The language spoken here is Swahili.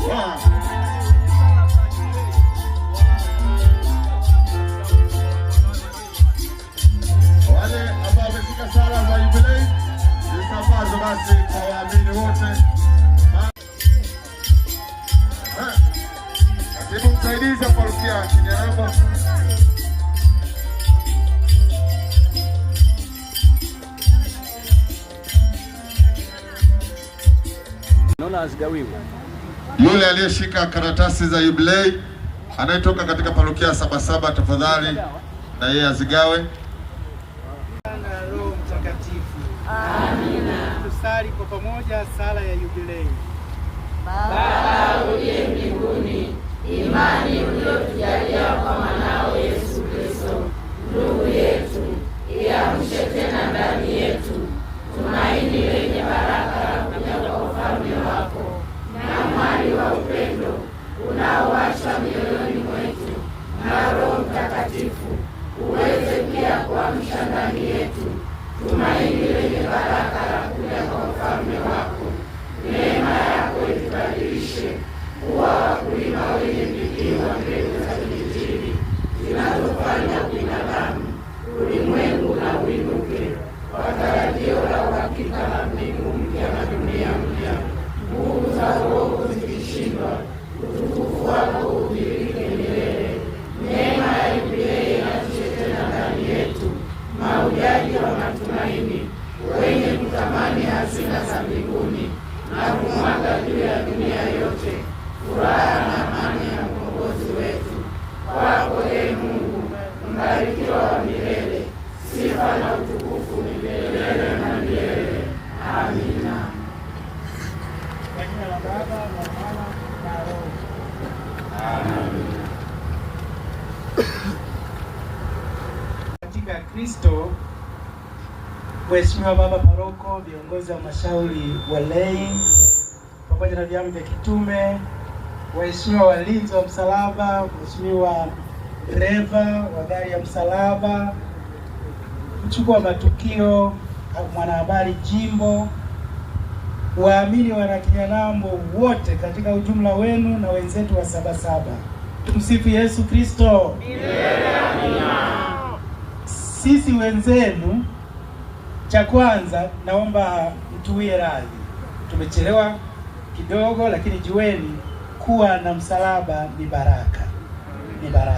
Wale ambao naona hazigawiwi yule aliyeshika karatasi za yubilei anayetoka katika parokia ya Sabasaba, tafadhali na yeye azigawe. Roho Mtakatifu. Amina. Tusali kwa pamoja sala ya yubilei. Baba kuwasha mioyoni mwetu na Roho Mtakatifu uweze pia kuamsha ndani yetu tumaini lenye baraka la kuja kwa ufalme wako. Neema yako itubadilishe kuwa wakulima wenye bidii wa mbegu za Injili zinazofanya binadamu, ulimwengu na uinuke kwa tarajio la uhakika la mbingu mpya na dunia mpya. Nguvu za Roho za mbinguni na kumwaga juu ya dunia yote furaha na amani ya mkombozi wetu. Kwako ee Mungu mbarikiwa wa milele, sifa na utukufu ni milele na milele. Amina. Katika Kristo Mheshimiwa Baba Paroko, viongozi wa wa walei pamoja na vyama vya kitume, waheshimiwa walinzi wa msalaba, Mheshimiwa dereva wa gari ya msalaba, mchukua wa matukio, mwanahabari jimbo, waamini wana Kinyanambo wote katika ujumla wenu na wenzetu wa Sabasaba, tumsifu Yesu Kristo. Sisi wenzenu cha kwanza naomba mtuwie radhi, tumechelewa kidogo, lakini jueni kuwa na msalaba ni baraka, ni baraka.